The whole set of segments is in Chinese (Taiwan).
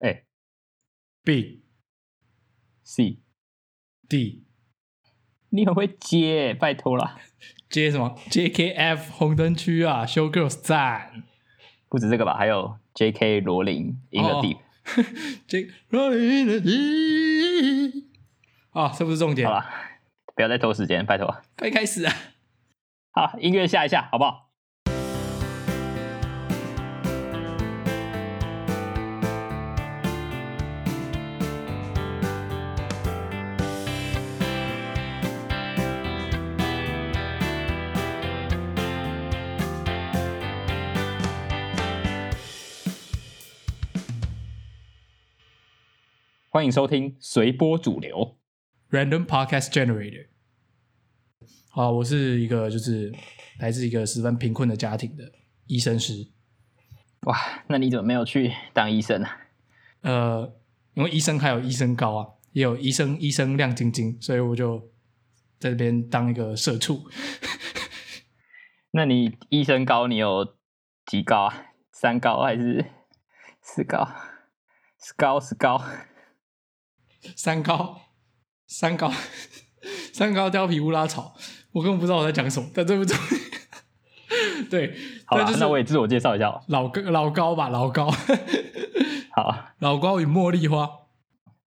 哎，B、C、D，你很會接，拜託了！ 接什麼？JKF 紅燈區啊，Show Girls 讚，不止這個吧？還有 JK 羅琳 in、哦、deep in the deep，J 羅琳 in the deep，啊，oh, 這不是重點，好吧，不要再拖時間，拜託、啊，快開始啊！好，音樂下一下，好不好？歡迎收聽《隨播主流》（Random Podcast Generator）。啊，我是一個就是來自一個十分貧困的家庭的醫生師。哇，那你怎麼沒有去當醫生呢，啊？呃，因為醫生還有醫生高啊，也有醫生醫生亮晶晶，所以我就在這邊當一個社畜。 那你醫生高，你有幾高啊？三高還是四高？四高，高，四高。三高，三高，三高，貂皮烏拉草，我根本不知道我在講什麼，但對不對？ 對，好、啊，那我也自我介紹一下，老高，老高吧，老高， 好，老高與茉莉花，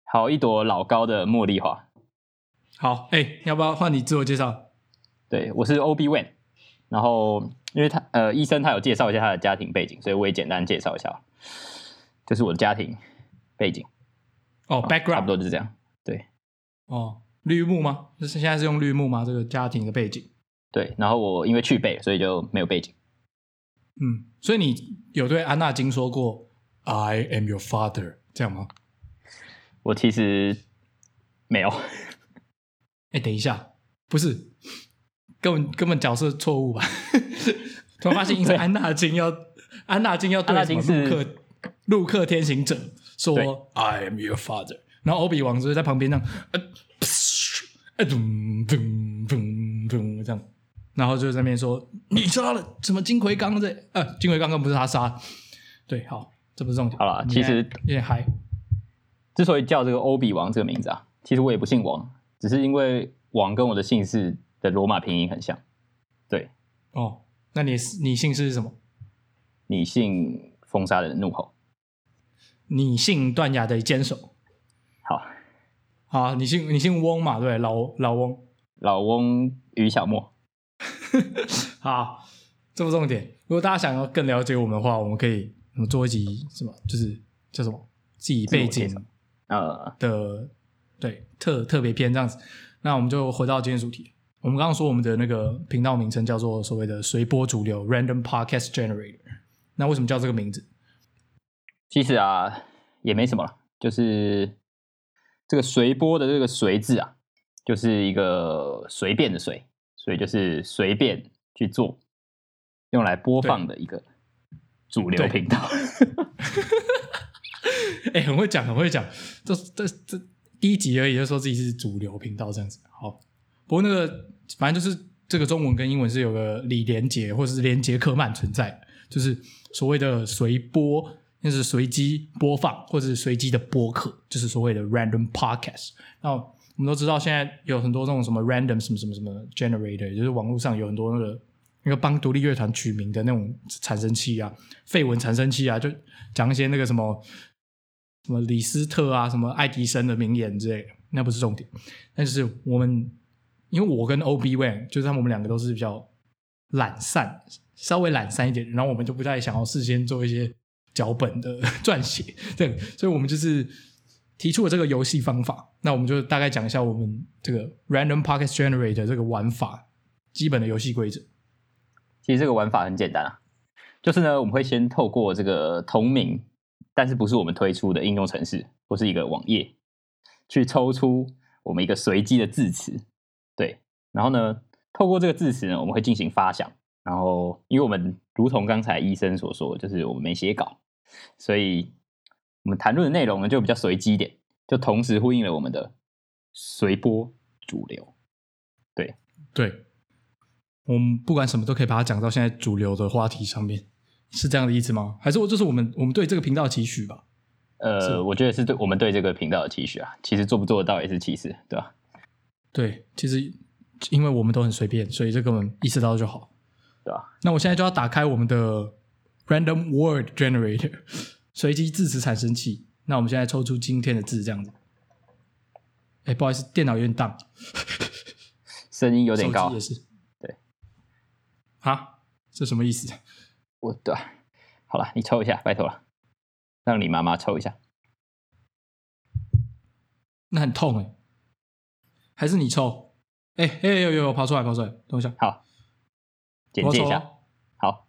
好一朵老高的茉莉花，好，哎、欸，要不要換你自我介紹？對，我是 OB Wen，然後因為他呃醫生他有介紹一下他的家庭背景，所以我也簡單介紹一下，就是我的家庭背景。Oh, background. 哦，background 差不多就是這樣，對。哦，綠幕嗎？就是現在是用綠幕嗎？這個家庭的背景？對，然後我因為去背了，所以就沒有背景。嗯，所以你有對安娜金說過 “I am your father” 這樣嗎？我其實沒有。哎、欸，等一下，不是，根本根本角色錯誤吧？ 突然發現，因為安娜金要安娜金要對金是路克路克天行者。說 I am your father，然後歐比王就是在旁邊這樣，哎咚咚咚咚這樣，然後就在那邊說你殺了什麼金奎剛這啊、呃、金奎剛剛不是他殺，對，好，這不是重點。好了，其實也還，之所以叫這個歐比王這個名字啊，其實我也不姓王，只是因為王跟我的姓氏的羅馬拼音很像。對，哦，那你你姓氏是什麼？你姓封殺的人怒吼。你姓段亞的堅守，好，好，你姓你姓翁嘛？對，對，老老翁，老翁於小莫， 好，這麼重點。如果大家想要更了解我們的話，我們可以我們做一集是、就是、叫什麼，就是叫什麼自己背景的呃的對特特別篇這樣子。那我們就回到今天主題。我們剛剛說我們的那個頻道名稱叫做所謂的隨播主流 （Random Podcast Generator）。那為什麼叫這個名字？其實啊，也沒什麼了，就是這個“隨播”的這個“隨”字啊，就是一個隨便的“隨”，所以就是隨便去做，用來播放的一個主流頻道。哎、 欸，很會講，很會講，這這這第一集而已，就說自己是主流頻道這樣子。好，不過那個反正就是這個中文跟英文是有個李連結或者是連結克曼存在，就是所謂的隨播。那、就是隨機播放，或者是隨機的播客，就是所謂的 random podcast。然後我們都知道，現在有很多那種什麼 random 什麼什麼什麼 generator，就是網絡上有很多那個那個幫獨立樂團取名的那種產生器啊，廢文產生器啊，就講一些那個什麼什麼李斯特啊，什麼愛迪生的名言之類的，那不是重點。但是我們因為我跟 Obvan，就是他們我們兩個都是比較懶散，稍微懶散一點，然後我們就不太想要事先做一些。腳本的撰寫，對，所以我們就是提出了這個遊戲方法。那我們就大概講一下我們這個 Random Podcast Generator 這個玩法，基本的遊戲規則。其實這個玩法很簡單啊，就是呢，我們會先透過這個同名，但是不是我們推出的應用程式或是一個網頁，去抽出我們一個隨機的字詞，對，然後呢，透過這個字詞呢，我們會進行發想。然後，因為我們如同剛才醫生所說，就是我們沒寫稿，所以我們談論的內容呢就比較隨機一點，就同時呼應了我們的隨波逐流。對，對，我們不管什麼都可以把它講到現在主流的話題上面，是這樣的意思嗎？還是我就是我們我們對這個頻道的期許吧？呃，我覺得是對我們對這個頻道的期許啊。其實做不做得到也是其次，對吧？對，其實因為我們都很隨便，所以這個我們意識到就好。對吧、啊？那我現在就要打開我們的 Random Word Generator 隨機字詞產生器。那我們現在抽出今天的字，這樣子。哎，不好意思，電腦有點當。聲音有點高、啊，也是。對。啊？這什麼意思？我的，好了，你抽一下，拜托了。讓你媽媽抽一下。那很痛欸。還是你抽？哎哎呦呦！跑出來，跑出來！等一下，好。一下，好，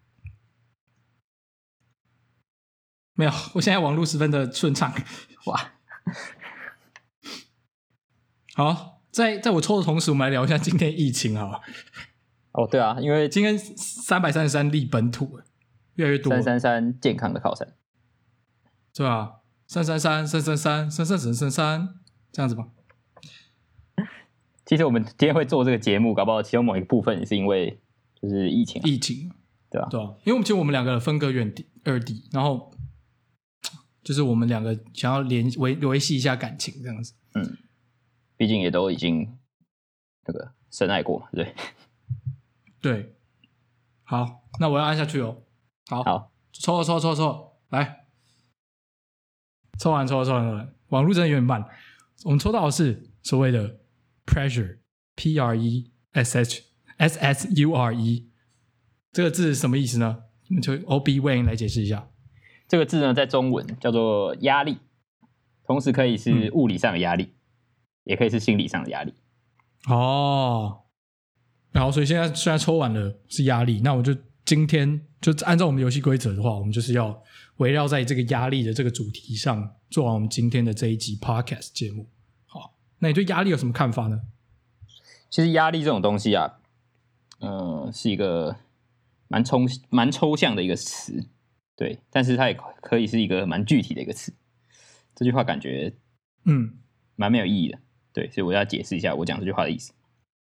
沒有，我現在網絡十分的順暢，哇， 好，在在我抽的同時，我們來聊一下今天的疫情哈。哦，對啊，因為今天三百三十三例本土越來越多，三三三健康的靠山。是吧、啊？三三三三三三三三三三三這樣子吧。其實我們今天會做這個節目，搞不好其中某一個部分也是因為。就是疫情、啊，疫情，對吧？對、啊，因為我們其實我們兩個分隔遠地二地，然後就是我們兩個想要聯維維，維繫一下感情這樣子。嗯，畢竟也都已經這個深愛過嘛，對對。好，那我要按下去哦。好，好，抽了，抽了，抽了，抽了，來，抽完，抽了，抽完，抽完。網絡真的有點慢，我們抽到的是所謂的 pressure，P-R-E-S-H。S S U R E 這個字是什麼意思呢？我們就 O B Wayne 來解釋一下。這個字呢，在中文叫做壓力，同時可以是物理上的壓力，嗯、也可以是心理上的壓力。哦，然後所以現在雖然抽完了是壓力，那我就今天就按照我們遊戲規則的話，我們就是要圍繞在這個壓力的這個主題上，做完我們今天的這一集 Podcast 節目。好，那你對壓力有什麼看法呢？其實壓力這種東西啊。呃，是一個蠻抽蠻抽象的一個詞，對，但是它也可以是一個蠻具體的一個詞。這句話感覺嗯，蠻沒有意義的，對，所以我要解釋一下我講這句話的意思。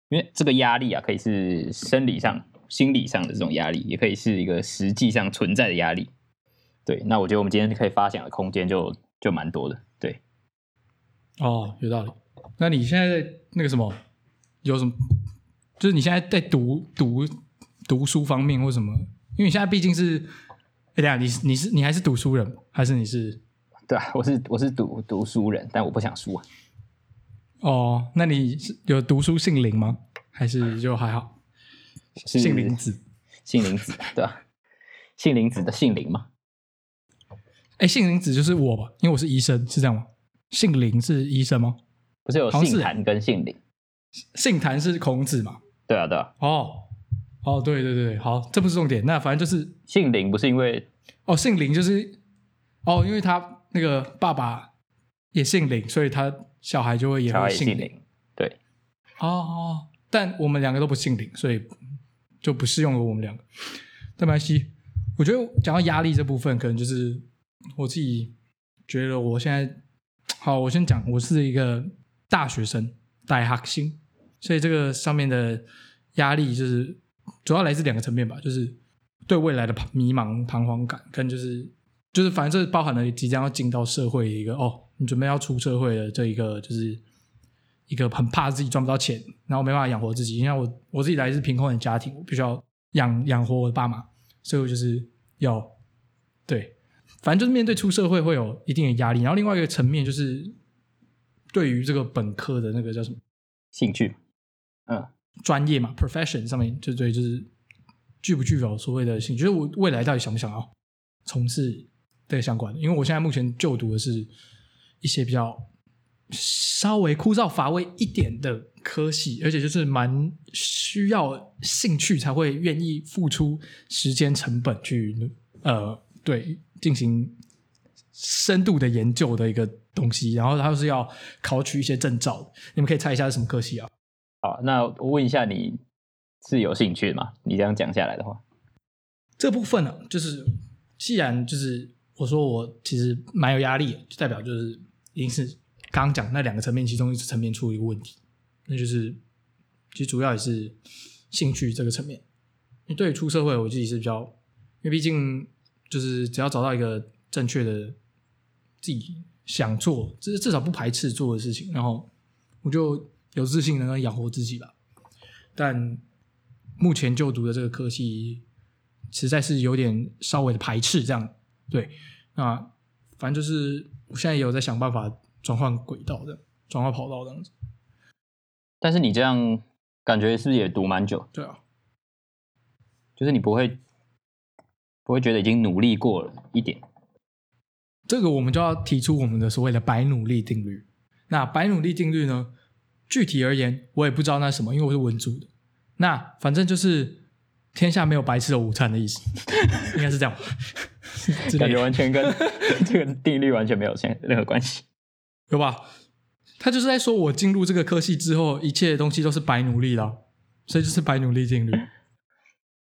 因為這個壓力啊，可以是生理上、心理上的這種壓力，也可以是一個實際上存在的壓力。對，那我覺得我們今天可以發想的空間就就蠻多的，對。哦，有道理。那你現在在那個什麼，有什麼？就是你現在在讀讀讀書方面或什麼？因為你現在畢竟是哎呀、欸，你你是你，你還是讀書人？還是你是對、啊、我是我是讀讀書人，但我不想說啊。哦，那你有讀書杏林嗎？還是就還好？杏林子，杏林子，對吧、啊？ 杏林子的杏林嗎？哎、欸，杏林子就是我吧？因為我是醫生，是這樣嗎？杏林是醫生嗎？不是有杏壇跟杏林？杏壇是孔子嘛？對啊，對啊。哦，哦，對對對，好，這不是重點。那反正就是姓林，不是因為哦，姓林就是哦，因為他那個爸爸也姓林，所以他小孩就會也會姓林。姓林對，哦哦，但我們兩個都不姓林，所以就不適用於我們兩個，但沒關係，我覺得講到壓力這部分，可能就是我自己覺得我現在好，我先講，我是一個大學生，大學生所以這個上面的壓力就是主要來自兩個層面吧，就是對未來的迷茫、彷徨感，跟就是就是反正這包含了即將要進到社會的一個哦，你準備要出社會的這一個，就是一個很怕自己賺不到錢，然後沒辦法養活自己。因為我我自己來自貧困的家庭，我必須要養養活我的爸媽，所以我就是要對，反正就是面對出社會會有一定的壓力。然後另外一個層面就是對於這個本科的那個叫什麼？興趣。嗯，專業嘛，profession 上面就對，就是具不具有所謂的興趣？就是我未來到底想不想要從事這個相關的？因為我現在目前就讀的是一些比較稍微枯燥乏味一點的科系，而且就是蠻需要興趣才會願意付出時間成本去呃，對，進行深度的研究的一個東西。然後，它就是要考取一些證照，你們可以猜一下是什麼科系啊？好，那我問一下，你是有興趣嗎？你這樣講下來的話，這部分呢、啊，就是既然就是我說我其實蠻有壓力，就代表就是已經是剛剛講那兩個層面，其中一層面出了一個問題，那就是其實主要也是興趣這個層面。你對於出社會，我自己是比較，因為畢竟就是只要找到一個正確的自己想做，至少不排斥做的事情，然後我就。有自信能夠養活自己吧，但目前就讀的這個科系實在是有點稍微的排斥這樣。對，那反正就是我現在也有在想辦法轉換軌道的，轉換跑道這樣子。但是你這樣感覺是不是也讀蠻久？對啊，就是你不會不會覺得已經努力過了一點？這個我們就要提出我們的所謂的“白努力定律”。那“白努力定律”呢？具體而言，我也不知道那是什麼，因為我是文組的。那反正就是天下沒有白吃的午餐的意思， 應該是這樣吧。 感覺完全跟 這個定律完全沒有任何關係，對吧？他就是在說，我進入這個科系之後，一切的東西都是白努力了，所以就是白努力定律。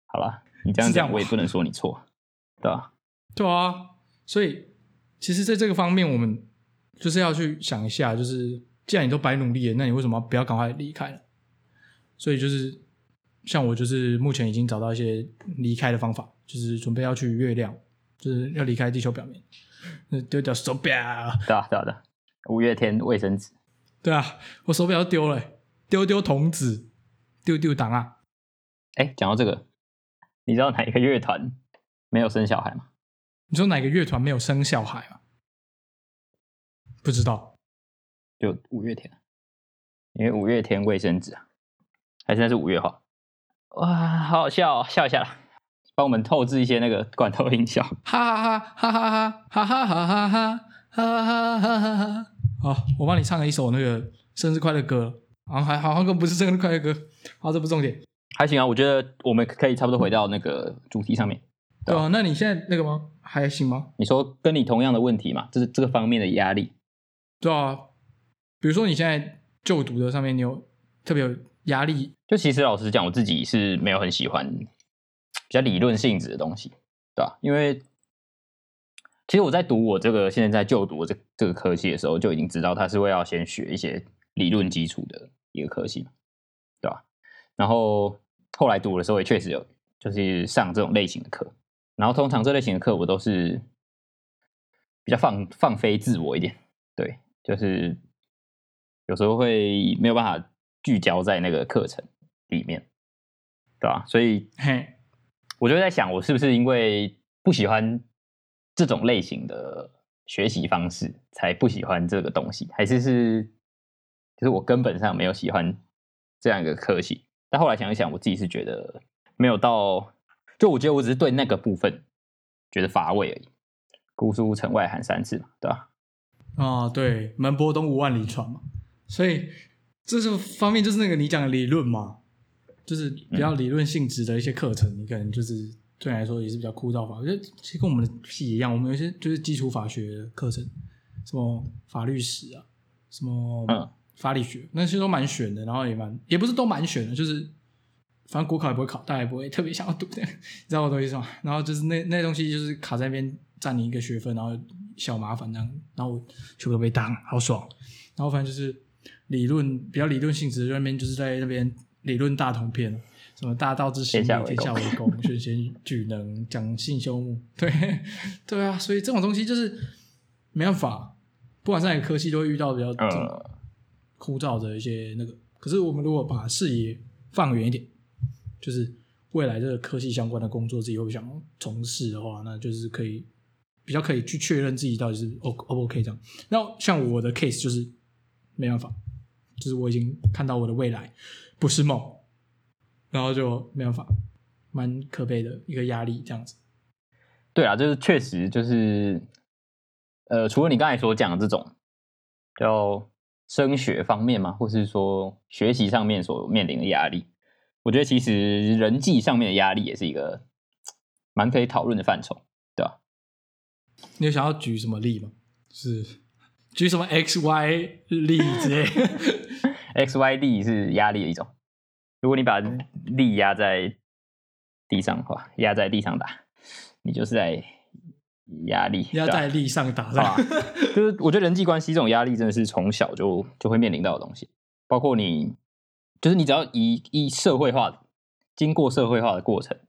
好了，你這樣這樣，我也不能說你錯，對吧？對啊，所以其實，在這個方面，我們就是要去想一下，就是。既然你都白努力了，那你為什麼不要趕快離開了？所以就是像我，就是目前已經找到一些離開的方法，就是準備要去月亮，就是要離開地球表面，丟掉手表，對啊，對啊，對啊，五月天衛生紙，對啊，我手表要丟了，丟丟童子，丟丟檔啊。哎，講到這個，你知道哪一個樂團沒有生小孩嗎？你知道哪個樂團沒有生小孩嗎？不知道。就五月天，因為五月天衛生紙啊，還真是五月花，哇，好好笑，哦，笑一下啦，幫我們透支一些那個罐頭音效，哈哈哈哈哈哈哈哈哈哈哈哈哈哈哈哈哈哈。好，我幫你唱了一首那個生日快樂歌，啊，還好，根本不是生日快樂歌。好，啊，這不是重點，還行啊，我覺得我們可以差不多回到那個主題上面，對，對、啊，那你現在那個嗎？還行嗎？你說跟你同樣的問題嘛，就是這個方面的壓力，對啊。比如說你現在就讀的上面，你有特別有壓力？就其實老實講，我自己是沒有很喜歡比較理論性質的東西，對吧？因為其實我在讀我這個現在在就讀的這這個科系的時候，就已經知道它是會要先學一些理論基礎的一個科系嘛，對吧？然後後來讀的時候也確實有就是上這種類型的課，然後通常這類型的課我都是比較放放飛自我一點，對，就是。有時候會沒有辦法聚焦在那個課程裡面，對吧？所以，嘿，我就在想，我是不是因為不喜歡這種類型的學習方式，才不喜歡這個東西？還是是，就是我根本上沒有喜歡這樣一個科系？但後來想一想，我自己是覺得沒有到，就我覺得我只是對那個部分覺得乏味而已。姑蘇城外寒山寺嘛，對吧？啊，對，門泊東吳萬里船嘛。所以，這是方面就是那個你講的理論嘛，就是比較理論性質的一些課程，嗯、你可能就是對你來說也是比較枯燥吧。我覺得其實跟我們的系一樣，我們有一些就是基礎法學的課程，什麼法律史啊，什麼法理學、嗯，那些都蠻選的，然後也蠻，也不是都蠻選的，就是反正國考也不會考，大家也不會特別想要讀的，你知道我的意思嗎？然後就是那那東西就是卡在那邊佔你一個學分，然後小麻煩這樣然後全部都被當好爽，然後反正就是。理論比較理論性質那邊，就是在那邊理論大同片，什麼大道之行，天下為公，為公 選賢舉能，講信修目，對對啊，所以這種東西就是沒辦法，不管在科技都會遇到比較枯燥的一些那個、嗯。可是我們如果把視野放遠一點，就是未來這個科技相關的工作自己有想從事的話，那就是可以比較可以去確認自己到底是 O O K、OK、這樣。那像我的 case 就是沒辦法。就是我已經看到我的未來，不是夢，然後就沒有法，蠻可悲的一個壓力這樣子。對啊，就是確實就是，呃，除了你剛才所講的這種，就升學方面嘛，或是說學習上面所面臨的壓力，我覺得其實人際上面的壓力也是一個蠻可以討論的範疇，對吧？你有想要舉什麼例嗎？是。舉什麼 X Y 力之類 X Y 力是壓力的一種。如果你把力壓在地上的話，壓在地上打，你就是在壓力。壓在力上打，是吧，？ 就是我覺得人際關係這種壓力，真的是從小就就會面臨到的東西。包括你，就是你只要以以社會化，經過社會化的過程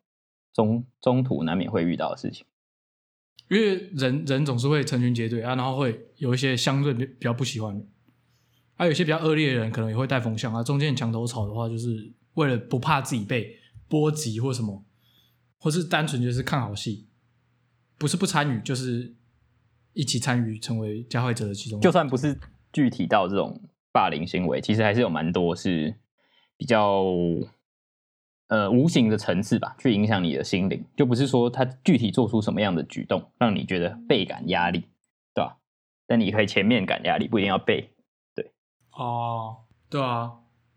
中，中途難免會遇到的事情。因為人人總是會成群結隊啊，然後會有一些相對比，比較不喜歡，啊，有些比較惡劣的人可能也會帶風向啊。中間牆頭草的話，就是為了不怕自己被波及或什麼，或是單純就是看好戲，不是不參與，就是一起參與成為加害者的其中。就算不是具體到這種霸凌行為，其實還是有蠻多是比較。呃，無形的層次吧，去影響你的心靈，就不是說他具體做出什麼樣的舉動讓你覺得倍感壓力，對吧，啊？但你可以前面感壓力，不一定要背，對。哦，對啊。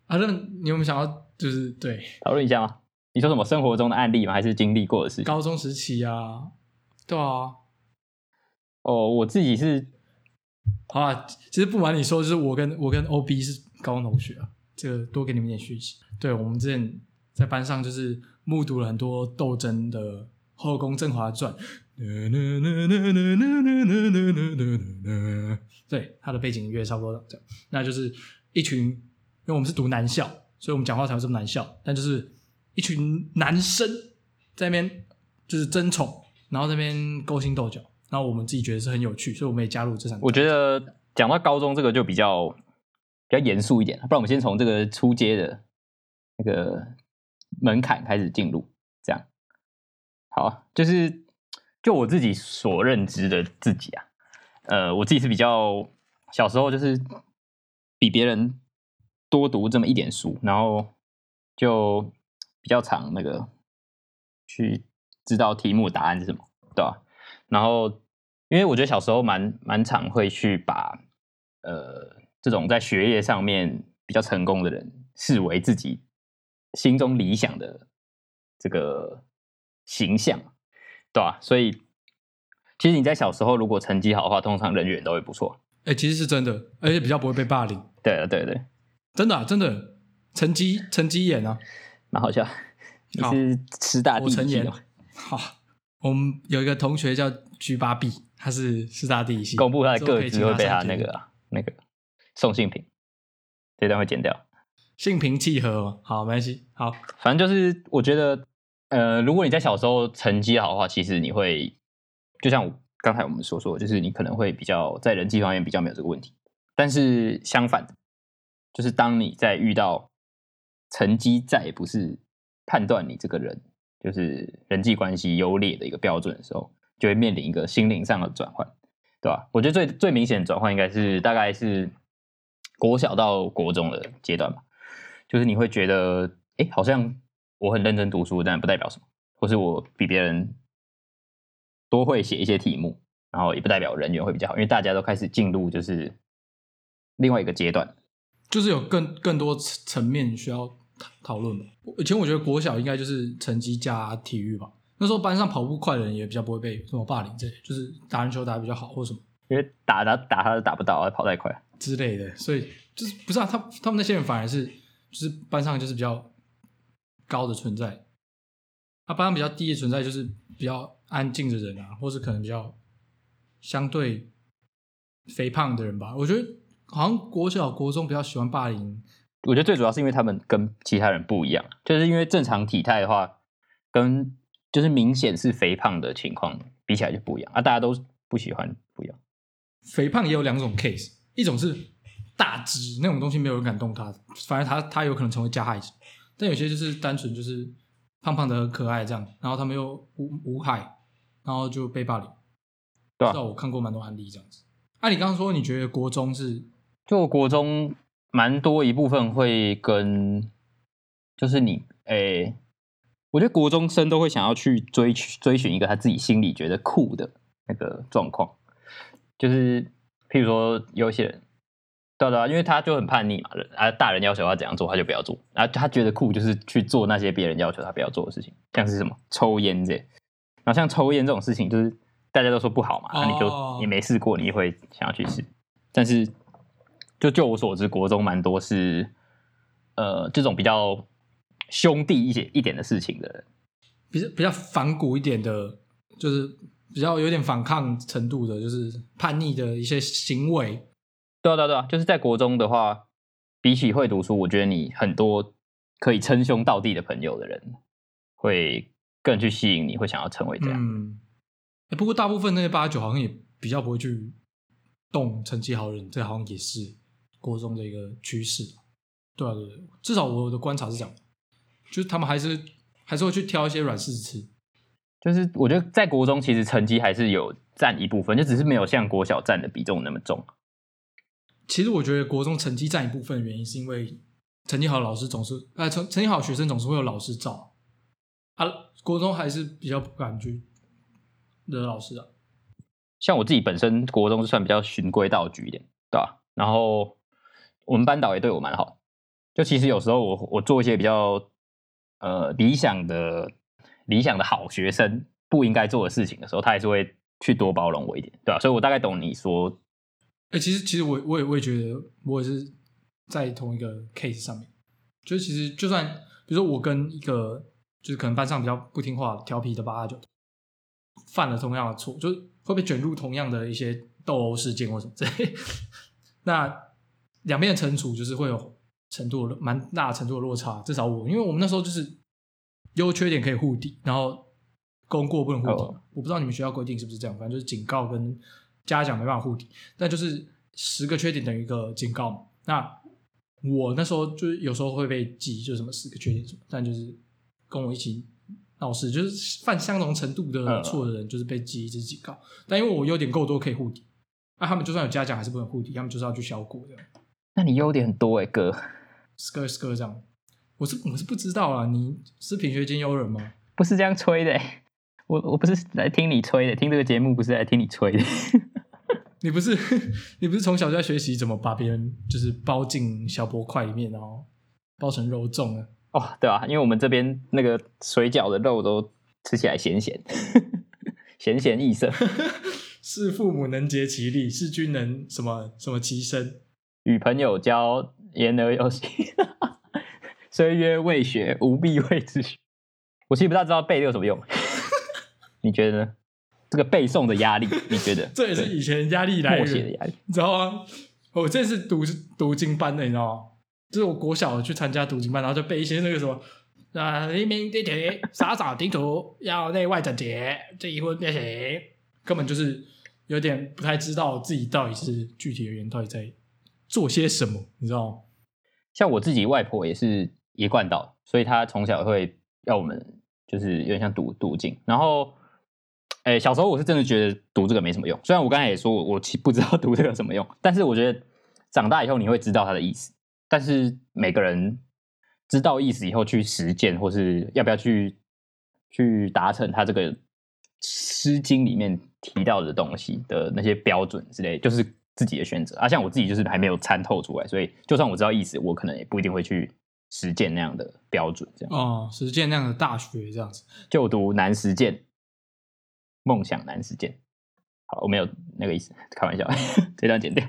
啊，那你有沒有想要就是對討論一下嗎？你說什麼生活中的案例嗎？還是經歷過的事情？高中時期啊，對啊。哦，我自己是，好啊，其實不瞞你說，就是我跟我跟 OB 是高中同學啊，這個多給你們一點訊息。對，我們之前。在班上就是目睹了很多鬥爭的《後宮甄嬛傳》，對，他的背景音樂差不多這樣。那就是一群，因為我們是讀男校，所以我們講話才會這麼男校。但就是一群男生在那邊就是爭寵，然後在那邊勾心鬥角，然後我們自己覺得是很有趣，所以我們也加入這場。我覺得講到高中這個就比較比較嚴肅一點，不然我們先從這個出道的那個。門檻開始進入，這樣好，就是就我自己所認知的自己啊，呃，我自己是比較小時候就是比別人多讀這麼一點書，然後就比較常那個去知道題目答案是什麼，對吧？然後因為我覺得小時候蠻蠻常會去把呃這種在學業上面比較成功的人視為自己心中理想的這個形象，對吧、啊？所以其實你在小時候如果成績好的話，通常人緣都會不錯。哎、欸，其實是真的，而且比較不會被霸凌。對、啊、對、啊、對、啊，真的、啊、真的，成績成績眼啊，蠻好笑好。你是師大不成眼。好，我們有一個同學叫 G 八 B，他是師大第一系。公布他的個資，會被他那個、啊、那個送信品，這段會剪掉。心平氣和嘛，好，沒關係，好。反正就是，我覺得，呃，如果你在小時候成績好的話，其實你會，就像剛才我們所說，就是你可能會比較在人際方面比較沒有這個問題。但是相反就是當你在遇到成績再也不是判斷你這個人就是人際關係優劣的一個標準的時候，就會面臨一個心靈上的轉換，對吧？我覺得最最明顯的轉換應該是大概是國小到國中的階段吧。就是你會覺得，哎，好像我很認真讀書，但不代表什麼，或是我比別人多會寫一些題目，然後也不代表人緣會比較好，因為大家都開始進入就是另外一個階段，就是有更更多層面需要討論的。以前我覺得國小應該就是成績加體育吧，那時候班上跑步快的人也比較不會被什麼霸凌這些，這就是打籃球打得比較好或者什麼，因為打他打，打他都打不到啊，他跑太快之類的，所以就是不知道啊，他他們那些人反而是。就是班上就是比較高的存在，他、啊、班上比較低的存在就是比較安靜的人啊，或是可能比較相對肥胖的人吧。我覺得好像國小國中比較喜歡霸凌，我覺得最主要是因為他們跟其他人不一樣，就是因為正常體態的話，跟就是明顯是肥胖的情況比起來就不一樣啊，大家都不喜歡不一樣。肥胖也有兩種 case，一種是。大隻那種東西，沒有人敢動它。反正它，它有可能成為加害者。但有些就是單純就是胖胖的、可愛這樣，然後他沒有無無害，然後就被霸凌。對啊，我看過蠻多案例這樣子。按、啊、你剛剛說，你覺得國中是，就我國中蠻多一部分會跟，就是你誒、欸，我覺得國中生都會想要去追追尋一個他自己心裡覺得酷的那個狀況，就是譬如說有些人。對對、啊，因為他就很叛逆嘛，啊，大人要求他怎樣做，他就不要做，然後他覺得酷，就是去做那些別人要求他不要做的事情，像是什麼抽菸這，然後像抽菸這種事情，就是大家都說不好嘛，那、哦、你就你沒試過，你會想要去試，但是就就我所知，國中蠻多是呃這種比較兄弟一些一點的事情的人，比較比較反骨一點的，就是比較有點反抗程度的，就是叛逆的一些行為。對啊對啊對啊！就是在國中的話，比起會讀書，我覺得你很多可以稱兄道弟的朋友的人，會更去吸引你，會想要成為這樣。嗯，欸，不過大部分那些八九好像也比較不會去動成績好人，這好像也是國中的一個趨勢。對啊對啊，至少我的觀察是這樣，就是他們還是還是會去挑一些軟柿子吃。就是我覺得在國中，其實成績還是有占一部分，就只是沒有像國小占的比重那麼重。其實我覺得國中成績佔一部分原因，是因為成績好的老師總是，啊、呃，成成績好的學生總是會有老師罩啊。國中還是比較感覺的老師啊。像我自己本身國中就算比較循規蹈矩一點，對吧？然後我們班導也對我蠻好。就其實有時候我我做一些比較呃理想的理想的好學生不應該做的事情的時候，他還是會去多包容我一點，對吧？所以我大概懂你說。哎、欸，其實其實我我也我也覺得，我也是在同一個 case 上面。就是其實就算，比如說我跟一個就是可能班上比較不聽話、調皮的八八九，犯了同樣的錯，就是會被捲入同樣的一些鬥毆事件或什麼之類。 那兩邊的懲處就是會有程度蠻大的程度的落差。至少我，因為我們那時候就是優缺點可以互抵，然後功過不能互抵。我不知道你們學校規定是不是這樣？反正就是警告跟。嘉獎沒辦法護底，但就是十個缺點等於一個警告。那我那時候就是有時候會被記，就是什麼十個缺點，但就是跟我一起鬧事，就是犯相同程度的錯的人，就是被記，一支警告、嗯。但因為我優點夠多可以護底，那、啊、他們就算有嘉獎還是不能護底，他們就是要去銷過。的。那你優點很多哎、欸，哥，四個四個這樣，我是我是不知道啊。你是品學兼優人嗎？不是這樣吹的、欸，我我不是來聽你吹的，聽這個節目不是來聽你吹的。 你不是你不是從小就在學習怎麼把別人就是包進小薄塊裡面，然後包成肉粽啊？哦，對啊，因為我們這邊那個水餃的肉都吃起來鹹鹹，鹹鹹異色。 是父母能竭其力，是君能什麼什麼其身。與朋友交，言而有信。 雖曰未學，吾必謂之學。我其實不大知道背這個有什麼用， 你覺得呢？這個背誦的壓力，你覺得？ 這也是以前壓力來源。默寫的壓力，你知道嗎？我這是讀讀經班的，你知道嗎？就是我國小我去參加讀經班，然後就背一些那個什麼啊，黎明即起、灑掃庭除要內外整潔，既昏便息，根本就是有點不太知道自己到底是具體的人到底在做些什麼，你知道嗎？像我自己外婆也是一貫道，所以她從小會要我們就是有點像讀讀經，然後。哎，小時候我是真的覺得讀這個沒什麼用。雖然我剛才也說我我其不知道讀這個有什麼用，但是我覺得長大以後你會知道它的意思。但是每個人知道意思以後去實踐，或是要不要去去達成他這個《詩經》裡面提到的東西的那些標準之類，就是自己的選擇。啊，像我自己就是還沒有參透出來，所以就算我知道意思，我可能也不一定會去實踐那樣的標準。這樣啊、哦，實踐那樣的大學這樣子，就讀難實踐。夢想難事件。好，我沒有那個意思，開玩笑，呵呵這段剪掉，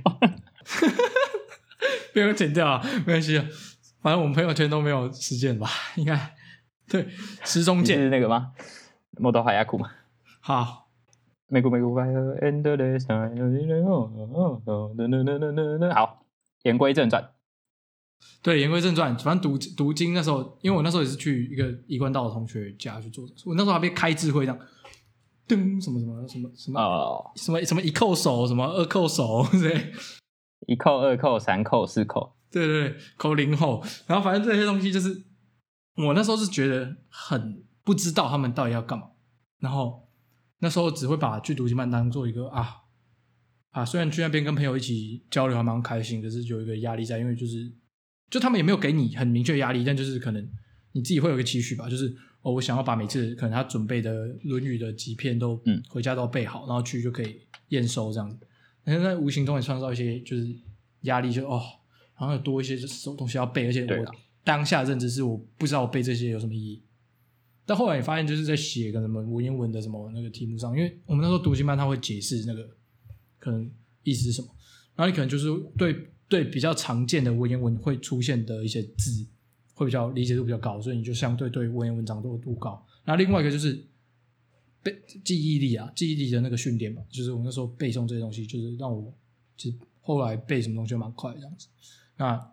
不 要剪掉啊，沒關係，反正我們朋友圈都沒有實踐吧，應該。對，時鐘鍵是那個嗎？莫多海牙庫嗎？好，好，言歸正傳，對，言歸正傳，反正讀讀經那時候，因為我那時候也是去一個一貫道的同學家去做，我那時候還被開智慧這樣。噔什麼什麼什麼什麼、oh. 什麼什麼一叩首什麼二叩首之類，一叩二叩三叩四叩，對,對對，扣零後，然後反正這些東西就是我那時候是覺得很不知道他們到底要幹嘛，然後那時候只會把去讀經班當做一個啊啊，雖然去那邊跟朋友一起交流還蠻開心，可是有一個壓力在，因為就是就他們也沒有給你很明確的壓力，但就是可能你自己會有一個期許吧，就是。哦，我想要把每次可能他準備的《論語》的幾篇都回家都背好，嗯，然後去就可以驗收這樣子。但是在無形中也創造一些就是壓力就，就哦，好像有多一些什麼東西要背，而且我當下的認知是我不知道我背這些有什麼意義啊。但後來你發現就是在寫個什麼文言文的什麼那個題目上，因為我們那時候讀經班他會解釋那個可能意思是什麼，然後你可能就是對對比較常見的文言文會出現的一些字。會比較理解度比較高，所以你就相對對文言文掌握度高。然後另外一個就是背記憶力啊，記憶力的那個訓練嘛，就是我們那時候背誦這些東西，就是讓我就後來背什麼東西蠻快的這樣子。那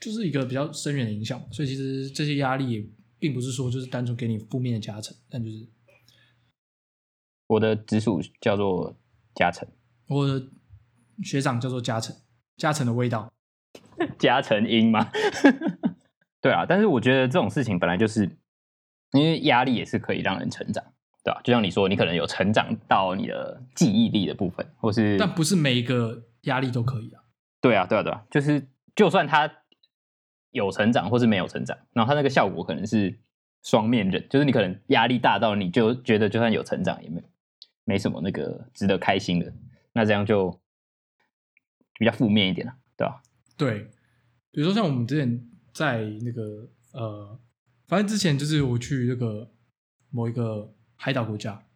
就是一個比較深遠的影響。所以其實這些壓力也並不是說就是單純給你負面的加成，但就是我的直屬叫做加成，我的學長叫做加成，加成的味道， 加成音英嘛。 對啊，但是我覺得這種事情本來就是因為壓力也是可以讓人成長，對啊，就像你說，你可能有成長到你的記憶力的部分，或是……但不是每一個壓力都可以啊。對啊，對啊，對啊，就是就算他有成長，或是沒有成長，然後他那個效果可能是雙面的，就是你可能壓力大到你就覺得就算有成長也沒沒什麼那個值得開心的，那這樣就比較負面一點了，啊，對吧？啊，對，比如說像我們之前。在那個呃，反正之前就是我去那個某一個海島國家，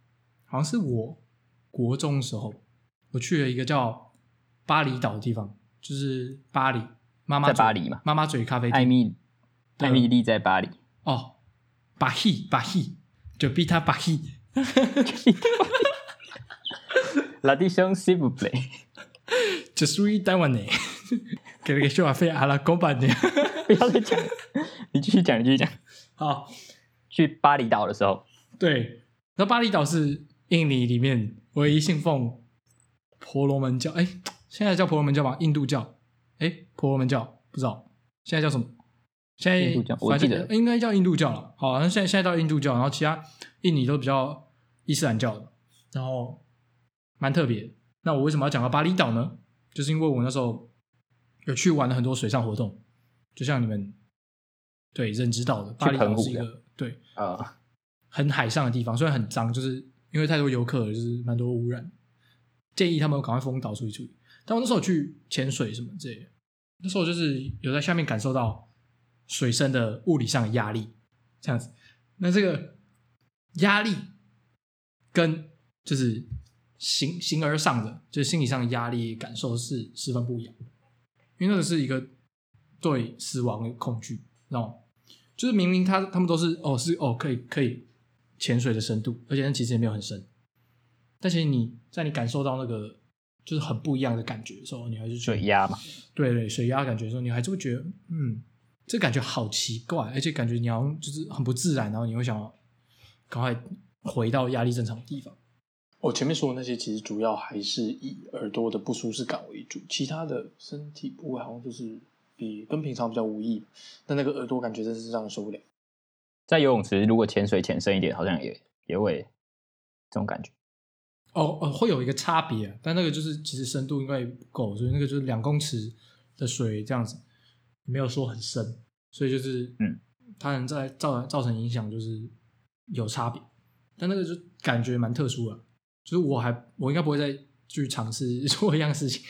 好像是我國中的時候，我去了一個叫巴厘島的地方，就是巴黎媽媽在巴黎嘛，媽媽嘴咖啡店 I mean，艾米莉在巴黎，I mean 哦，巴西巴西就比他巴西，拉丁兄弟不配，只屬於台灣的，給那個笑話費阿拉公辦的。 不要再講，你繼續講，繼續講。好，去巴厘島的時候，對，那巴厘島是印尼裡面唯一信奉婆羅門教，哎、欸，現在叫婆羅門教嗎？印度教，哎、欸，婆羅門教不知道，現在叫什麼？現在印度教，我記得應該叫印度教了。好，像現在現在叫印度教，然後其他印尼都比較伊斯蘭教的，然後蠻特別。那我為什麼要講到巴厘島呢？就是因為我那時候有去玩了很多水上活動。就像你們對認知到的，巴厘島是一個，對啊、嗯，很海上的地方，雖然很髒，就是因為太多遊客，就是蠻多污染，建議他們趕快封島出去處理。但我那時候去潛水什麼之類的，那時候就是有在下面感受到水深的物理上的壓力，這樣子。那這個壓力跟就是形形而上的，就是心理上的壓力感受是十分不一樣的，因為那個是一個。對死亡的恐懼，然後就是明明他他們都是哦是哦可以可以潛水的深度，而且那其實也沒有很深，但其實你在你感受到那個就是很不一樣的感覺的時候，你還是覺得水壓嘛，對對，水壓感覺的時候，你還是會覺得嗯，這感覺好奇怪，而且感覺你好像就是很不自然，然後你會想趕快回到壓力正常的地方。我、哦、前面說的那些其實主要還是以耳朵的不舒適感為主，其他的身體部位好像就是。比跟平常比較無異，但那個耳朵感覺真的是讓人受不了。在游泳池如果潛水潛深一點，好像也也會這種感覺。哦哦，會有一個差別啊，但那個就是其實深度應該不夠，所以那個就是兩公尺的水這樣子，沒有說很深，所以就是嗯，它能在造造造成影響就是有差別，但那個就感覺蠻特殊的啊，就是我還我應該不會再去嘗試做一樣事情。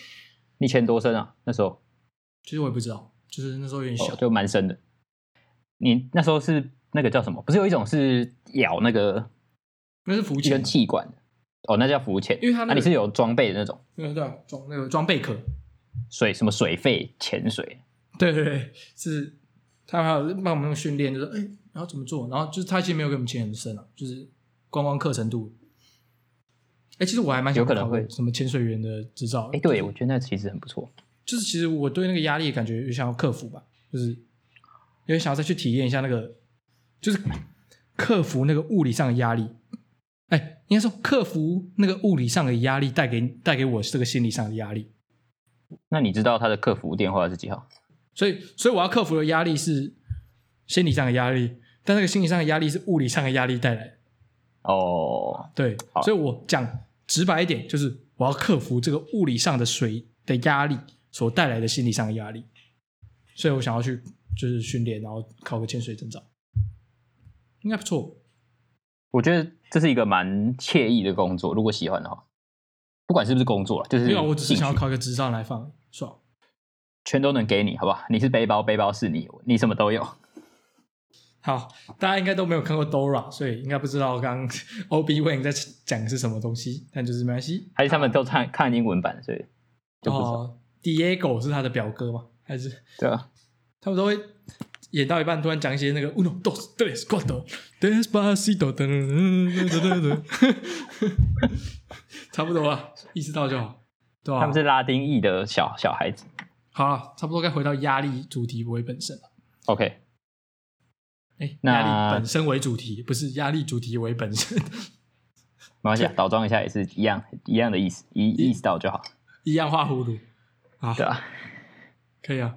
你潛多深啊？那時候？其實我也不知道，就是那時候有點小，哦，就蠻深的。你那時候是那個叫什麼？不是有一種是咬那個，那是浮潛氣管哦？那叫浮潛，因為他，那個啊，是有裝備的那種，那個，對對，啊，裝那個裝備殼，水什麼水肺潛水。對對對，是他還有幫我們用訓練，就說哎，然後怎麼做？然後就是他其實沒有給我們潛很深了，就是觀光，光課程度。哎，其實我還蠻有可能會什麼潛水員的執照。哎，對，就是，我覺得那其實很不錯。就是其實我對那個壓力感覺有想要克服吧，就是有點想要再去體驗一下那個，就是克服那個物理上的壓力。哎，應該說克服那個物理上的壓力帶給帶給我這個心理上的壓力。那你知道他的客服電話是幾號？所以，所以我要克服的壓力是心理上的壓力，但那個心理上的壓力是物理上的壓力帶來。哦、oh，對，所以我講直白一點，就是我要克服這個物理上的水的壓力所帶來的心理上的壓力，所以我想要去就是訓練，然後考個潛水證照，應該不錯。我覺得這是一個蠻愜意的工作，如果喜歡的話，不管是不是工作了，就是我只是想要考個執照來放爽，全都能給你，好不好？你是背包，背包是你，你什麼都有。好，大家應該都沒有看過 Dora，所以應該不知道剛剛 Obi Wan 在講的是什麼東西，但就是沒關係，還是他們都看看英文版，所以就不知道、哦 Diego 是他的表哥嗎？還是，對啊？他們都會演到一半，突然講一些那個 uno, dos, tres, cuatro、呃，despacito 等等等等，呃、 差不多啊，意思到就好，對啊。他們是拉丁裔的小小孩子。好了，差不多該回到壓力主題為本身了。OK，哎、欸，壓力本身為主題，不是壓力主題為本身。沒關係、啊，倒裝一下也是一樣， 一，樣一樣的意思，一意思到就好，一樣畫葫蘆。啊，對、哦、啊，可以啊，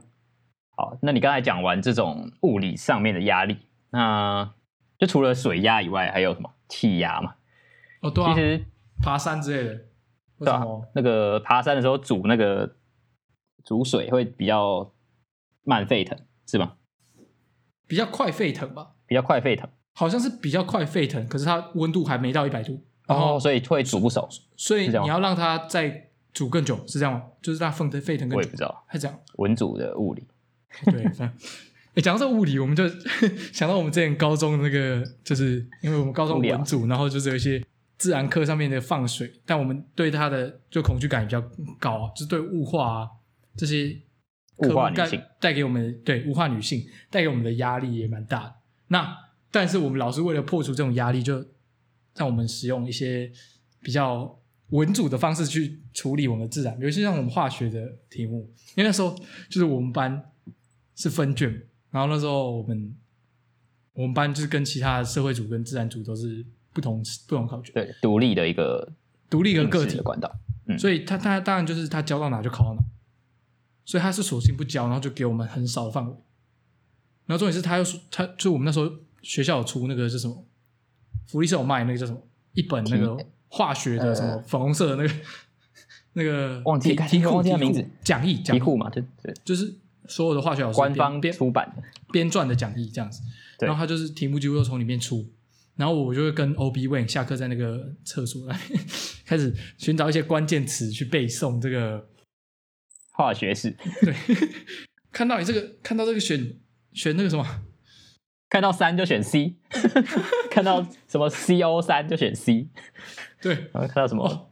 好，那你剛才講完這種物理上面的壓力，那就除了水壓以外，還有什麼氣壓嘛？哦，對啊，其實爬山之類的，對啊，那個爬山的時候煮那個煮水會比較慢沸騰，是嗎？比較快沸騰吧，比較快沸騰，好像是比較快沸騰，可是它溫度還沒到一百度，哦，所以會煮不熟，所以你要讓它在。煮更久是這樣嗎？就是它沸騰更久。我也不知道。這講文組的物理。 對，哎、欸，講到這個物理，我們就想到我們之前高中那個，就是因為我們高中文組，然後就是有一些自然科上面的放水，但我們對它的就恐懼感也比較高、啊，就是對物化啊這些物化女性帶給我們的對物化女性帶給我們的壓力也蠻大。那，但是我們老師為了破除這種壓力，就讓我們使用一些比較。文組的方式去處理我們的自然，尤其是像我們化學的題目，因為那時候就是我們班是分卷，然後那時候我們我們班就是跟其他社會組跟自然組都是不同不同考卷，對，獨立的一個獨立一個，個體的管道，嗯，所以他他，他當然就是他教到哪就考到哪，所以他是索性不教，然後就給我們很少的範圍，然後重點是他又他就我們那時候學校有出那個是什麼，福利社有賣那個叫什麼一本那個。 化學的什麼粉紅色的那個、呃、那個忘記提、提忘記名字、講義題庫嘛就對，就是所有的化學老師官方編出版的編、編撰的講義這樣子，然後他就是題目幾乎都從裡面出，然後我就會跟 OB Wayne 下課在那個廁所裡開始尋找一些關鍵詞去背誦這個化學式。對， 看到你這個看到這個選選那個什麼，看到三就選 C。 看到什麼 CO 三就選 C。對、啊，看到什麼、哦？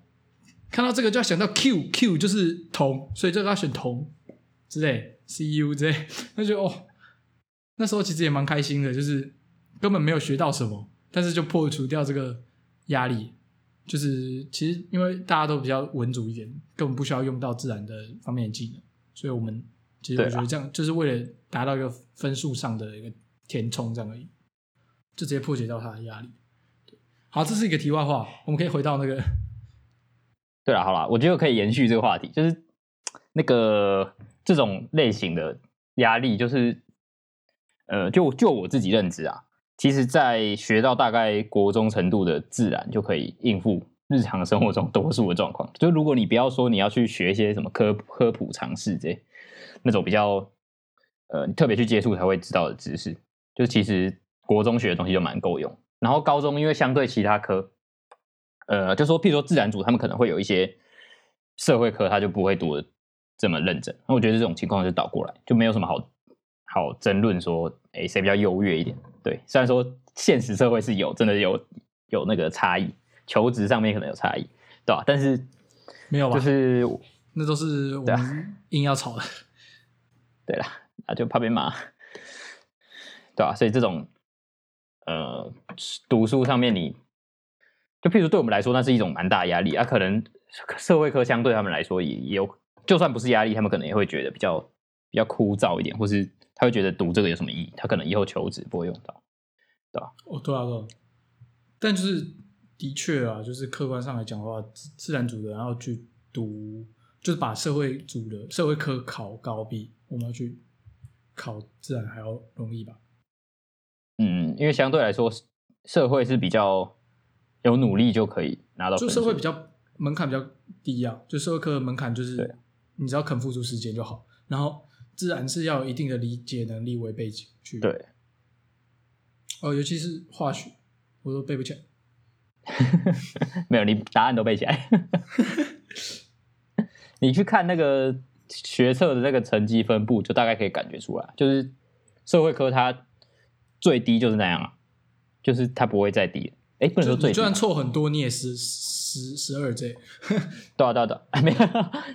看到這個就要想到 Q Q 就是銅，所以就要選銅之類 C U z 那就哦。那時候其實也蠻開心的，就是根本沒有學到什麼，但是就破除掉這個壓力。就是其實因為大家都比較文組一點，根本不需要用到自然的方面的技能，所以我們其實我覺得這樣、啊、就是為了達到一個分數上的一個填充這樣而已，就直接破解掉他的壓力。好，這是一個題外話。我們可以回到那個。對了、啊，好了，我覺得可以延續這個話題，就是那個這種類型的壓力，就是呃，就就我自己認知啊，其實，在學到大概國中程度的自然就可以應付日常生活中多數的狀況。就如果你不要說你要去學一些什麼科科普常識這那種比較呃特別去接觸才會知道的知識，就是其實國中學的東西就蠻夠用。然後高中因為相對其他科，呃，就說譬如說自然組，他們可能會有一些社會科，他就不會讀這麼認真。那我覺得這種情況就倒過來，就沒有什麼好好爭論說，哎，誰比較優越一點？對，雖然說現實社會是有真的有有那個差異，求職上面可能有差異，對吧、啊？但是沒有吧？就是那都是我們硬要吵的，對啦、啊啊，那就怕被罵，對吧、啊？所以這種。呃，讀書上面你，你就譬如對我們來說，那是一種蠻大壓力啊。可能社會科相對他們來說，也有就算不是壓力，他們可能也會覺得比較比較枯燥一點，或是他會覺得讀這個有什麼意義？他可能以後求職不會用到，對吧？哦，對啊，對啊。但就是的確啊，就是客觀上來講的話，自然組的，然後去讀，就是把社會組的、社會科考高比，我們要去考自然還要容易吧？嗯，因為相對來說，社會是比較有努力就可以拿到，就社會比較門檻比較低啊，就社會科的門檻就是你只要肯付出時間就好，然後自然是要有一定的理解能力為背景去。對，哦，尤其是化學，我都背不起來。 沒有，你答案都背起來。 你去看那個學測的那個成績分佈，就大概可以感覺出來，就是社會科它。最低就是那樣啊，就是它不會再低了。哎、欸，不能說最低，就算錯很多，你也是十十,十二 G、 啊。對啊，對啊，沒有，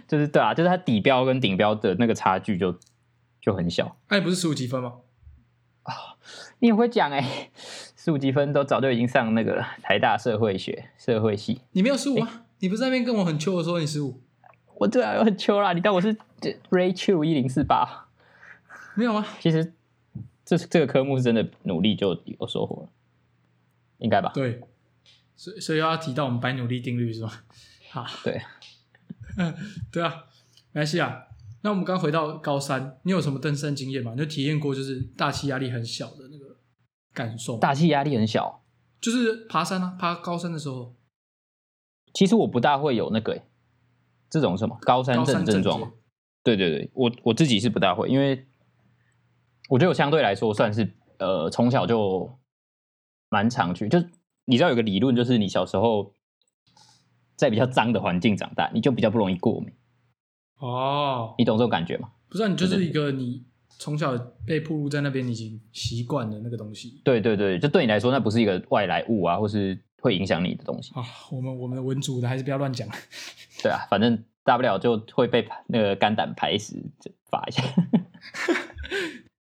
就是對啊，就是它底標跟頂標的那個差距就就很小。哎、欸，不是十五級分嗎、哦？你也會講哎、欸，十五級分都早就已經上那個了台大社會學社會系。你沒有十五嗎？你不是那邊跟我很秋的時候，你十五？我對啊，我很秋啦，你，當我是 Ray Q 一零四八，沒有嗎？其實。這這個科目真的努力就有收穫了，應該吧？對，所所以要提到我們白努力定律是吧？好、啊，對， 對啊，沒關係啊。那我們剛回到高山，你有什麼登山經驗嗎？你有體驗過就是大氣壓力很小的那個感受嗎？大氣壓力很小，就是爬山呢、啊，爬高山的時候。其實我不大會有那個，這種什麼高山症症狀，高山，對對對，我我自己是不大會，因為。我覺得我相對來說算是呃，從小就蠻常去。就是你知道有個理論，就是你小時候在比較髒的環境長大，你就比較不容易過敏。哦、oh,，你懂這種感覺嗎？不知道、啊。你就是一個你從小被暴露在那邊已經習慣的那個東西。對對對，就對你來說，那不是一個外來物啊，或是會影響你的東西。啊、oh,，我們我們文組的還是不要亂講。 對啊，反正大不了就會被那個肝膽排石發一下。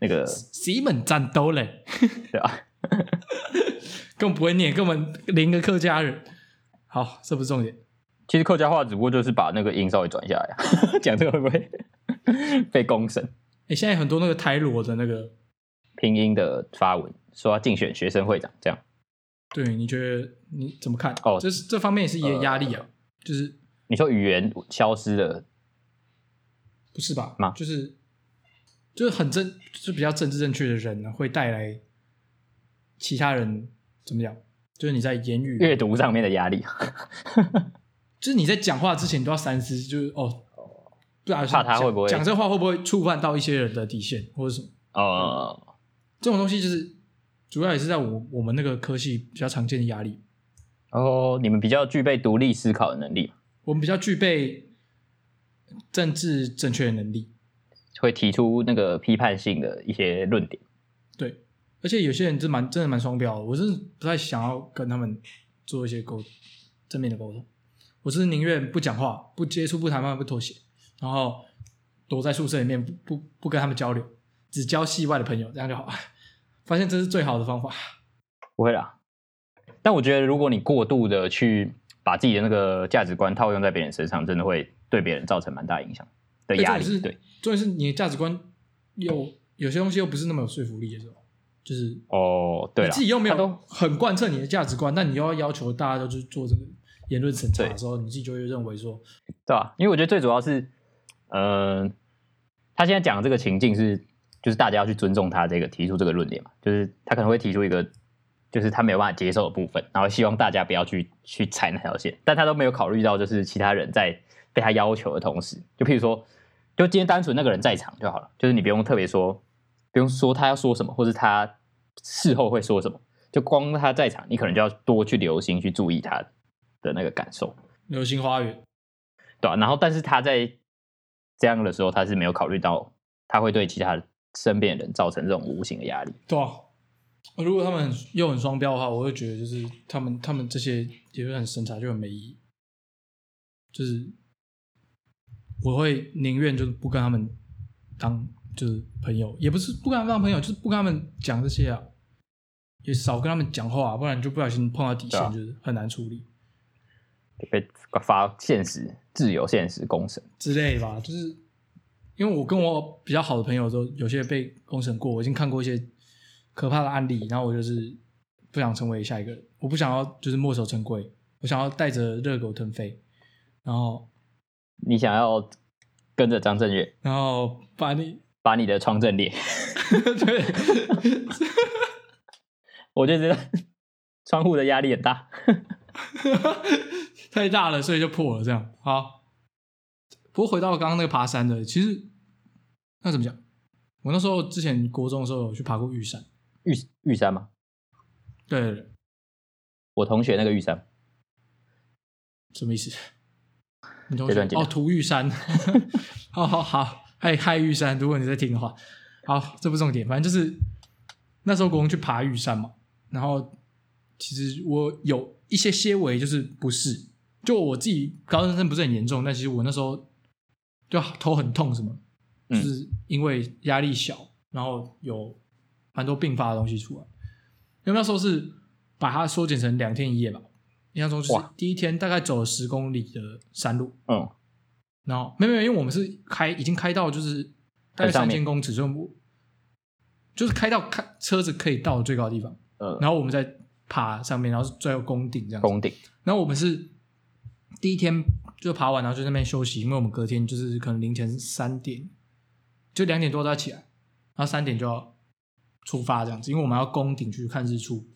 那個西門戰鬥嘞，對吧、啊？更 不會念，更我零連個客家人。好，這不是重點。其實客家話只不過就是把那個音稍微轉下來、啊。 講這個會不會 被公審？哎、欸，現在很多那個台羅的那個拼音的發文，說要競選學生會長，這樣。對，你覺得你怎麼看？哦，這是這方面也是一些壓力啊。呃、就是你說語言消失了，不是吧？嘛，就是。就是很正，就比較政治正確的人呢、啊，會帶來其他人怎麼講？就是你在言語閱讀上面的壓力， 就是你在講話之前都要三思，就是哦，對啊，怕他會不會講這話會不會觸犯到一些人的底線，或者什麼？哦、嗯，這種東西就是主要也是在我我們那個科系比較常見的壓力。然後、哦、你們比較具備獨立思考的能力，我們比較具備政治正確的能力。會提出那個批判性的一些論點，對，而且有些人真蠻真的蠻雙標的，我是不太想要跟他們做一些溝正面的溝通，我是寧願不講話、不接觸、不談判、不妥協，然後躲在宿舍裡面不不跟他們交流，只交系外的朋友，這樣就好了。發現這是最好的方法。不會啦，但我覺得如果你過度的去把自己的那個價值觀套用在別人身上，真的會對別人造成蠻大影響的壓力，對。對，就是，對。所以是你的價值觀有有些東西又不是那麼有說服力的時候，就是哦，對，自己又沒有很貫徹你的價值觀，那你又要要求大家都去做這個言論審查的時候，你自己就會認為說，對啊，因為我覺得最主要是，嗯、呃，他現在講的這個情境是，就是大家要去尊重他這個提出這個論點嘛，就是他可能會提出一個，就是他沒有辦法接受的部分，然後希望大家不要去去踩那條線，但他都沒有考慮到，就是其他人在被他要求的同時，就譬如說。就今天單純那個人在場就好了，就是你不用特別說，不用說他要說什麼，或是他事後會說什麼，就光他在場，你可能就要多去留心去注意他的那個感受。流星花園，對啊，然後，但是他在這樣的時候，他是沒有考慮到他會對其他身邊的人造成這種無形的壓力，對啊。如果他們很又很雙標的話，我會覺得就是他們他們這些也很審查就很沒意義，就是。我會寧願就是不跟他們當就是朋友，也不是不跟他們當朋友，就是不跟他們講這些啊，也少跟他們講話啊，不然就不小心碰到底線，啊、就是很難處理。被發現實自由現實工程之類的吧，就是因為我跟我比較好的朋友都有些被公審過，我已經看過一些可怕的案例，然後我就是不想成為下一個，我不想要就是墨守成規，我想要帶着熱狗騰飛，然後。.你想要跟着張震岳，然後把你把你的窗震裂？ 對， 我就覺、是、得窗戶的壓力很大， 太大了，所以就破了。這樣好。不過回到剛剛那個爬山的，其實那怎麼講？我那時候之前國中的時候有去爬過玉山，玉玉山嗎？對，對，對，我同學那個玉山，什麼意思？你同學哦，塗玉山， 好好好，嗨 嗨、欸，玉山。如果你在聽的話，好，這不重點。反正就是那時候國公去爬玉山嘛，然後其實我有一些些微就是不適，就我自己高中生不是很嚴重，但其實我那時候就頭很痛什麼，嗯、就是因為壓力小，然後有蠻多併發的東西出來。因為那時候是把它縮減成兩天一夜吧。印象中就是第一天大概走了十公里的山路，嗯，然後沒有沒有，因為我們是開已經開到就是大概三千公尺，所以我，就是開到開車子可以到最高的地方，嗯、呃，然後我們在爬上面，然後最後攻頂這樣子，攻頂，然後我們是第一天就爬完，然後就在那邊休息，因為我們隔天就是可能凌晨三點就兩點多都要起來，然後三點就要出發這樣子，因為我們要攻頂去看日出。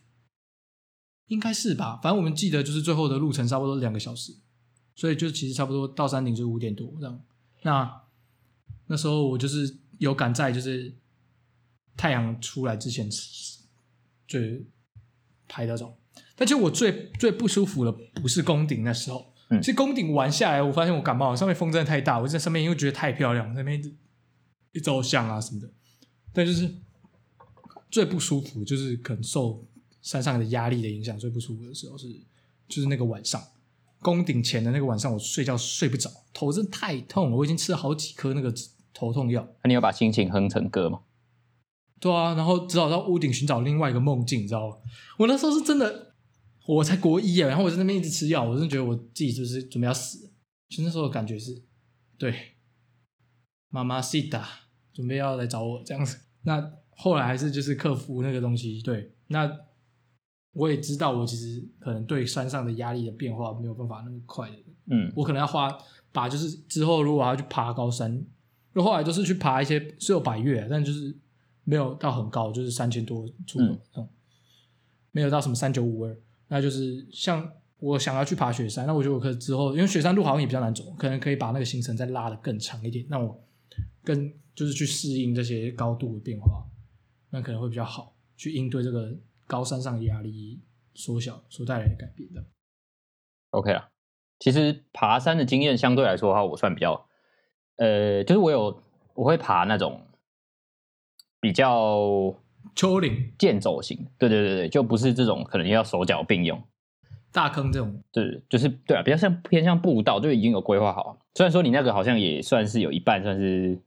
應該是吧，反正我們記得就是最後的路程差不多兩個小時，所以就其實差不多到山頂就五點多這樣。那那時候我就是有趕在就是太陽出來之前，就拍那種。但其實我最最不舒服的不是攻頂那時候，是攻頂完下來，我發現我感冒了，上面風真的太大，我在上面因為覺得太漂亮，那邊一,一照相啊什麼的。但就是最不舒服就是感受。山上的壓力的影響，最不舒服的時候是，就是那個晚上，攻頂前的那個晚上，我睡覺睡不着，頭真的太痛，我已經吃了好幾顆那個頭痛藥。那、啊、你有把心情哼成歌嗎？對啊，然後只好到屋頂尋找另外一個夢境，你知道嗎？我那時候是真的，我才國一耶，然後我在那邊一直吃藥，我真的覺得我自己就是，是準備要死了，就那時候的感覺是，對，媽媽西達，準備要來找我這樣子。那後來還是就是克服那個東西，對，那。我也知道，我其實可能對山上的壓力的變化沒有辦法那麼快。嗯，我可能要花把就是之後如果要去爬高山，那後來就是去爬一些是有百岳，但就是沒有到很高，就是三千多處那種，嗯嗯，沒有到什麼三九五二。那就是像我想要去爬雪山，那我覺得我可能之後因為雪山路好像也比較難走，可能可以把那個行程再拉得更長一點，讓我更就是去適應這些高度的變化，那可能會比較好去應對這個。高山上的壓力縮小所帶來的改變的，OK 啦，其實爬山的經驗相對來說的話，我算比較，呃，就是我有我會爬那種比較丘陵健走型，對對對對，就不是這種可能要手腳並用大坑這種，對，就是對啊，比較像偏向步道，就已經有規劃好。雖然說你那個好像也算是有一半算是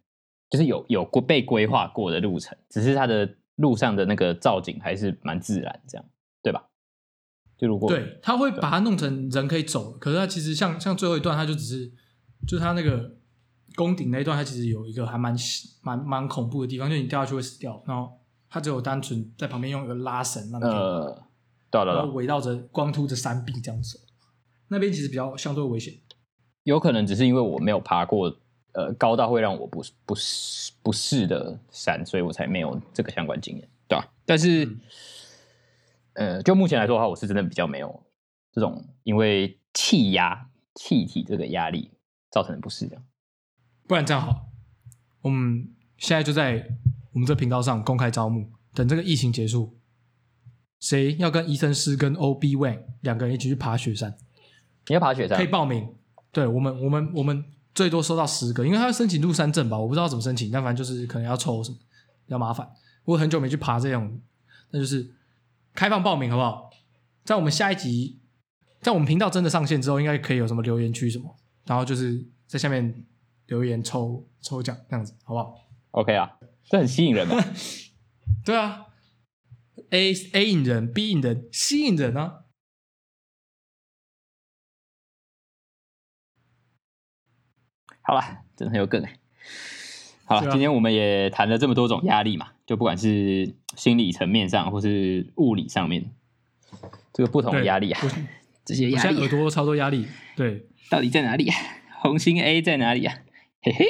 就是有有過被規劃過的路程，只是它的。路上的那個造景，還是蠻自然，這樣對吧？就如果對，他會把它弄成人可以走，可是他其實像像最後一段，他就只是就他那個宮頂那一段，他其實有一個還蠻蠻蠻恐怖的地方，就你掉下去會死掉。然後他只有單純在旁邊用一個拉繩，那個，呃，到了、啊，然後圍繞着光禿的山壁這樣走，那邊其實比較相對危險，有可能只是因為我沒有爬過。呃，高到會讓我不不適不，不適的山，所以我才沒有這個相關經驗，對吧、啊？但是、嗯，呃，就目前來說的話，我是真的比較沒有這種因為氣壓、氣體這個壓力造成的不適的。不然這樣好，我們現在就在我們這頻道上公開招募，等這個疫情結束，誰要跟醫生師跟 OB Wang 兩個人一起去爬雪山？你要爬雪山？可以報名。對我們，我們，我們。最多收到十個，因為他要申請入山證吧，我不知道怎麼申請，但反正就是可能要抽什麼，比較麻煩。我很久沒去爬這種，那就是開放報名，好不好？在我們下一集，在我們頻道真的上線之後，應該可以有什麼留言區什麼，然後就是在下面留言抽抽獎這樣子，好不好？OK 啊，這很吸引人啊。 對啊，A A 引人，B 引人，C 引人啊。好了，真的很有梗哎、欸！好了、啊，今天我們也談了這麼多種壓力嘛，就不管是心理層面上，或是物理上面，這個不同的壓力啊，這些壓力、啊，像耳朵操作壓力，對，到底在哪裡啊？紅心 A 在哪裡啊？嘿嘿，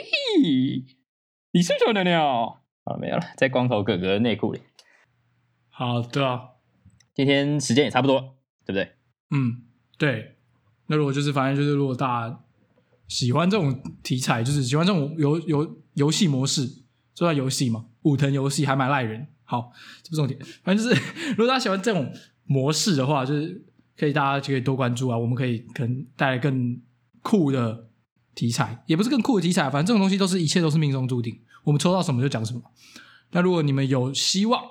你是說尿尿？好了，沒有了，在光頭哥哥內褲裡。好的、啊，今天時間也差不多，對不對？嗯，對。那如果就是反正就是如果大家。喜歡這種題材，就是喜歡這種遊遊遊戲模式，這段遊戲嘛，武藤遊戲還蠻賴人。好，這重點，反正就是，如果大家喜歡這種模式的話，就是可以大家就可以多關注啊，我們可以可能帶來更酷的題材，也不是更酷的題材，反正這種東西都是一切都是命中注定，我們抽到什麼就講什麼。那如果你們有希望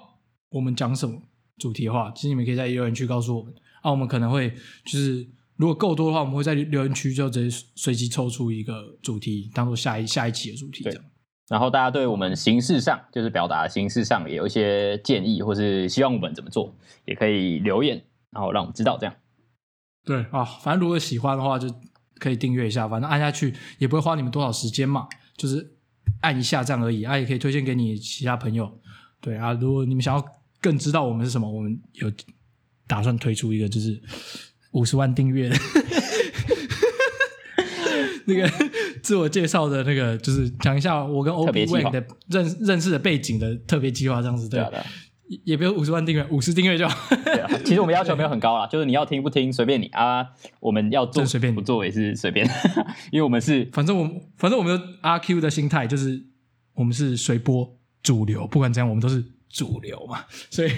我們講什麼主題的話，其實你們可以在留言區告訴我們啊，我們可能會就是。如果夠多的話，我們會在留言區就直接隨機抽出一個主題，當做下一下一期的主題這樣。對。然後大家對我們形式上，就是表達形式上，也有一些建議，或是希望我們怎麼做，也可以留言，然後讓我們知道這樣。對啊，反正如果喜歡的話，就可以訂閱一下，反正按下去也不會花你們多少時間嘛，就是按一下這樣而已，啊，也可以推薦給你其他朋友。對啊，如果你們想要更知道我們是什麼，我們有打算推出一個，就是。五十萬訂閱的 對， 那個自我介紹的那個，就是講一下我跟 O B Wayne 的認認識的背景的特別計劃，這樣子對，對，啊對啊也不用五十萬訂閱，五十訂閱就好對、啊。對 其實我們要求沒有很高啦，就是你要聽不聽隨便你啊，我們要做、就是、隨便不做也是隨便，因為我們是反我們，反正我反正我們阿 Q 的心態就是，我們是隨播主流，不管怎樣我們都是主流嘛，所以。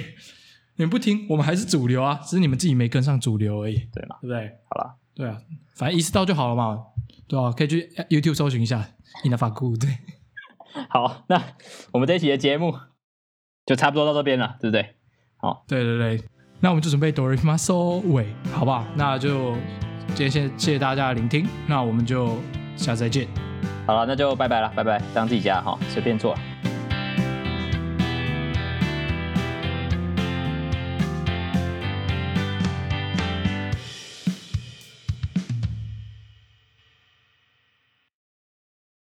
你們不聽，我們還是主流啊，只是你們自己沒跟上主流而已，對嗎？對不對？好了，對啊，反正意識到就好了嘛，對啊，可以去 YouTube 搜尋一下 Indafuku，對。 好，那我們這一期的節目就差不多到這邊了，對不對？好、哦，對對對，那我們就準備多瑞馬收尾。好不好？那就今天先謝謝大家的聆聽，那我們就下次再見。好了，那就拜拜了，拜拜，當自己家好、哦，隨便做。